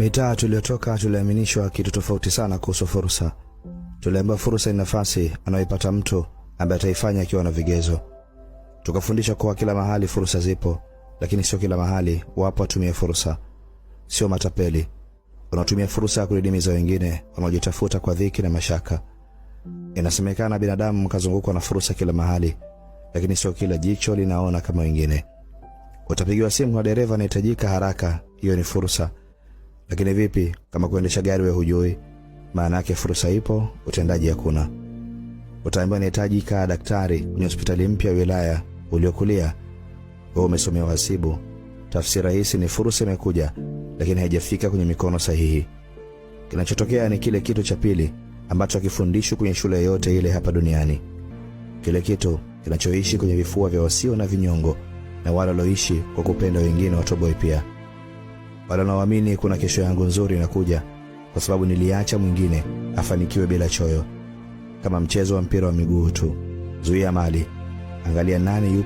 Mitaa tuliotoka tuliaminishwa kitu tofauti sana kuhusu fursa. Tuliambiwa fursa ni nafasi anayoipata mtu ambaye ataifanya akiwa na vigezo. Tukafundishwa kuwa kila mahali fursa zipo, lakini sio kila mahali wapo watumie fursa. Sio matapeli wanaotumia fursa ya kudidimiza wengine wanaojitafuta kwa dhiki na mashaka. Inasemekana binadamu mkazungukwa na fursa kila mahali, lakini sio kila jicho linaona kama wengine. Utapigiwa simu na dereva anahitajika haraka, hiyo ni fursa. Lakini vipi kama kuendesha gari wewe hujui? Maana yake fursa ipo, utendaji hakuna. Utaambiwa nahitaji kaa daktari kwenye hospitali mpya wilaya uliokulia. Wewe umesomea uhasibu Tafsiri rahisi ni fursa imekuja, lakini haijafika kwenye mikono sahihi. Kinachotokea ni kile kitu cha pili ambacho hakifundishwi kwenye shule yoyote ile hapa duniani, kile kitu kinachoishi kwenye vifua vya wasio na vinyongo na wale walioishi kwa kupenda wengine watoboe pia wala nawamini kuna kesho yangu nzuri inakuja, kwa sababu niliacha mwingine afanikiwe bila choyo. Kama mchezo wa mpira wa miguu tu, zuia mali, angalia nani yupo